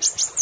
you